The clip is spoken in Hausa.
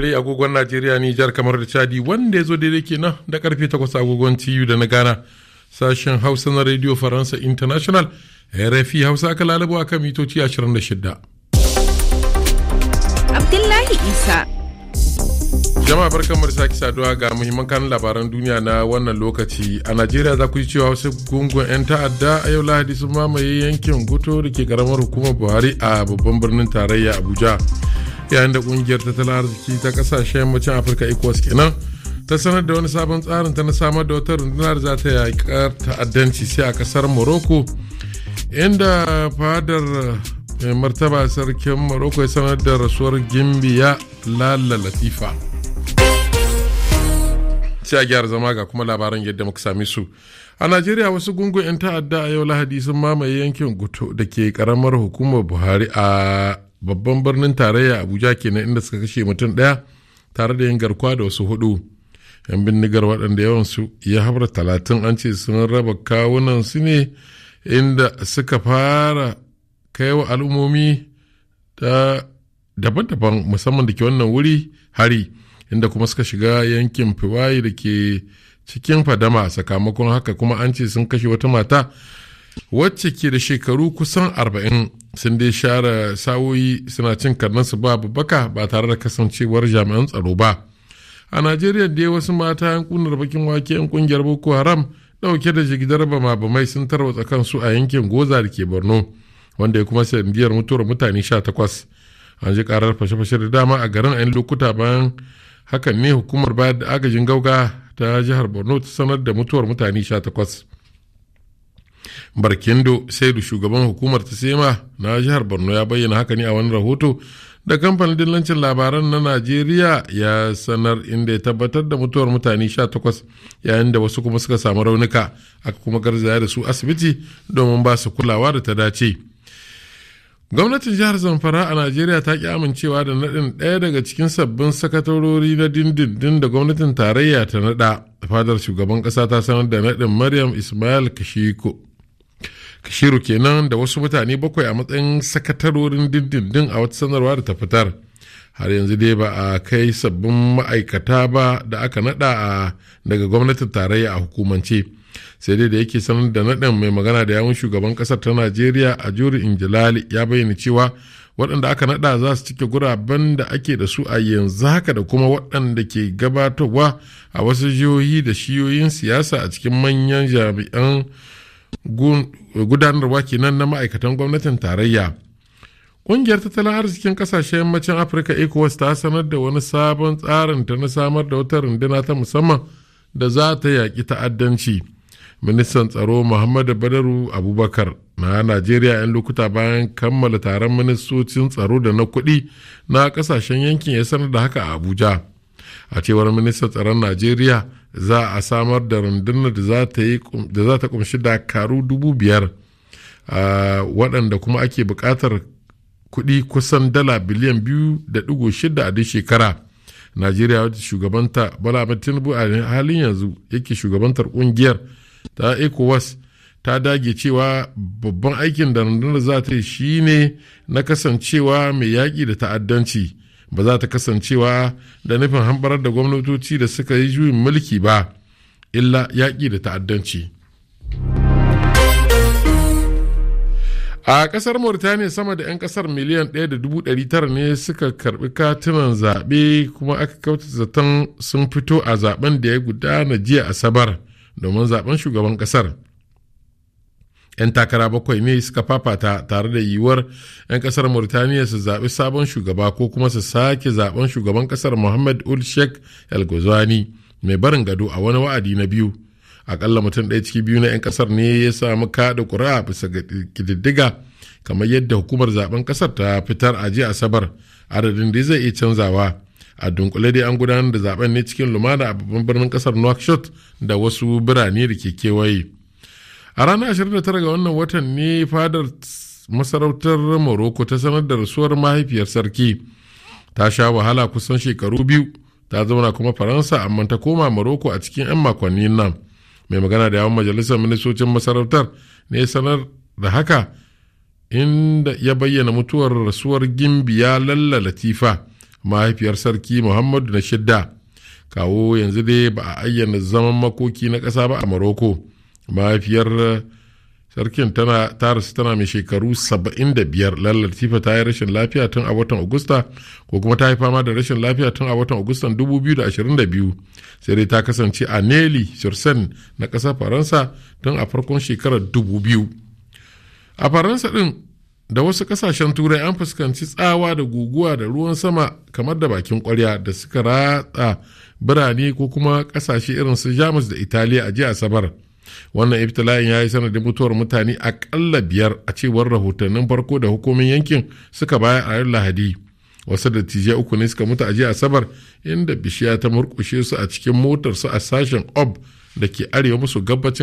dare agogon Najeriya Nijar kamar da Chadi wanda ya zo daidai kenan da karfe 8 agogon TU da na Ghana. Sashen Hausa na Radio Faransa International RFI Hausa aka lalabo a kan mitoci 26. Abdullahi Isa. Jama'a barkan da sake saduwa ga muhimman kan labaran duniya na wannan lokaci. A Najeriya za ku ji cewa wasu gungun 'yan ta'adda a yau Lahadi sun mamaye yankin Goto da ke karamar hukumar Buhari a babban birnin tarayya Abuja. yayin da kungiyar tattalin arziki ta kasashen yammacin afirka ecowas kenan ta sanar da wani sabon tsarin ta na samar da wata rundunar za ta yaƙar ta'addanci sai a kasar morocco inda fadar mai eh, martaba sarkin morocco ya sanar da rasuwar gimbiya lalla latifa sai a gyara zama ga kuma labaran yadda muka sami su a najeriya wasu gungun 'yan ta'adda a yau lahadi sun mamaye yankin guto da ke karamar hukumar buhari a babban birnin tarayya abuja ke kenan inda suka kashe mutum daya tare da yin garkuwa da wasu hudu yan bindigar waɗanda yawansu ya habra talatin an ce sun raba kawunan su ne inda suka fara kai wa al'ummomi da daban-daban musamman da ke wannan wuri hari inda kuma suka shiga yankin fiwayi da ke cikin fadama sakamakon haka kuma an ce sun kashe wata mata wacce ke da shekaru kusan arba'in sun dai share sawoyi suna cin karnansu ba babbaka ba tare da kasancewar jami'an tsaro ba a najeriya dai wasu mata yan kunar bakin wake yan kungiyar boko haram dauke da jigidar bama-bamai sun tarwatsa kansu a yankin goza da ke borno wanda ya kuma sanadiyar mutuwar mutane sha takwas an ji karar fashe-fashe da dama a garin a lokuta bayan hakan ne hukumar bayar da agajin gauga ta jihar borno ta sanar da mutuwar mutane sha takwas barkindo saidu shugaban hukumar ta sema na jihar borno ya bayyana haka ne a wani rahoto da kamfanin dillancin labaran na najeriya ya sanar inda ya tabbatar da mutuwar mutane 18 yayin da wasu kuma suka samu raunuka aka kuma garzaya da su asibiti domin ba su kulawa da ta dace gwamnatin jihar zamfara a najeriya ta ki amincewa da naɗin ɗaya daga cikin sabbin sakatarori na dindindin da gwamnatin tarayya ta naɗa fadar shugaban ƙasa ta sanar da naɗin maryam ismail kashiko kashiru kenan da wasu mutane bakwai a matsayin sakatarorin dindindin a wata sanarwa da ta fitar har yanzu dai ba a kai sabbin ma'aikata ba da aka nada a daga gwamnatin tarayya a hukumance sai dai da yake sanar da naɗin mai magana da yawun shugaban kasar ta najeriya a juri injilali ya bayyana cewa waɗanda aka naɗa za su cike guraben da ake da su a yanzu haka da kuma waɗanda ke gabatarwa a wasu jihohi da shiyoyin siyasa a cikin manyan jami'an gudanarwa kenan na ma'aikatan gwamnatin tarayya ƙungiyar tattalin arzikin ƙasashen yammacin afirka ecowas ta sanar da wani sabon tsarin ta na samar da wata runduna ta musamman da za ta yaƙi ta'addanci ministan tsaro muhammadu badaru abubakar na najeriya 'yan lokuta bayan kammala taron ministocin tsaro da na kuɗi na ƙasashen yankin ya sanar da haka a abuja a cewar ministan tsaron najeriya za a samar da rundunar da za ta kumshi dakaru dubu biyar waɗanda kuma ake buƙatar kuɗi kusan dala biliyan biyu da ɗigo shida a duk shekara najeriya wata shugabanta bala tinubu a halin yanzu yake shugabantar ƙungiyar ta ecowas ta dage cewa babban aikin da rundunar za ta yi shine na kasancewa mai yaƙi da ta'addanci ba za ta kasancewa da nufin hambarar da gwamnatoci da suka yi juyin mulki ba illa yaƙi da ta'addanci a ƙasar mauritania sama da 'yan ƙasar miliyan 1.900 ne suka karɓi katunan zaɓe kuma aka kauta zaton sun fito a zaben da ya gudana jiya asabar domin zaben shugaban ƙasar 'yan takara bakwai ne suka fafata tare da yiwuwar 'yan kasar mauritaniya su zaɓi sabon shugaba ko kuma su sake zaɓen shugaban kasar muhammad ul sheikh el ghazwani mai barin gado a wani wa'adi na biyu akalla mutum ɗaya ciki biyu na 'yan kasar ne ya samu kaɗa ƙuri'a bisa ga ƙididdiga kamar yadda hukumar zaben kasar ta fitar a jiya asabar adadin da zai iya canzawa a dunkule dai an gudanar da zaben ne cikin lumana a babban birnin kasar nouakchott da wasu birane da ke kewaye a ranar 29 ga wannan watan ne fadar masarautar morocco ta sanar da rasuwar mahaifiyar sarki ta sha wahala kusan shekaru biyu ta zauna kuma faransa amma ta koma morocco a cikin 'yan makonni nan mai magana da yawan majalisar ministocin masarautar ne sanar da haka inda ya bayyana mutuwar rasuwar gimbiya lalla latifa mahaifiyar sarki muhammadu na shidda kawo yanzu dai ba a ayyana zaman makoki na ƙasa ba a morocco mahaifiyar eh, sarkin tana ta rasu tana mai shekaru 75 lallar tifa ta yi rashin lafiya tun a watan agusta ko kuma ta yi fama da rashin lafiya tun a watan agustan 2022 sai dai ta kasance a neli sursen na ƙasar faransa tun a farkon shekarar 2000 a faransa din da wasu kasashen turai an fuskanci tsawa da guguwa da ruwan sama kamar da bakin kwarya da suka ratsa birane ko kuma kasashe irin su jamus da italiya a jiya asabar. wannan ibtila'in ya yi sanadin mutuwar mutane akalla biyar a cewar rahotannin farko da hukumin yankin suka baya a lahadi wasu dattijai uku ne suka mutu a jiya asabar inda bishiya ta murkushe su a cikin motar su a sashen ob da ke arewa musu gabacin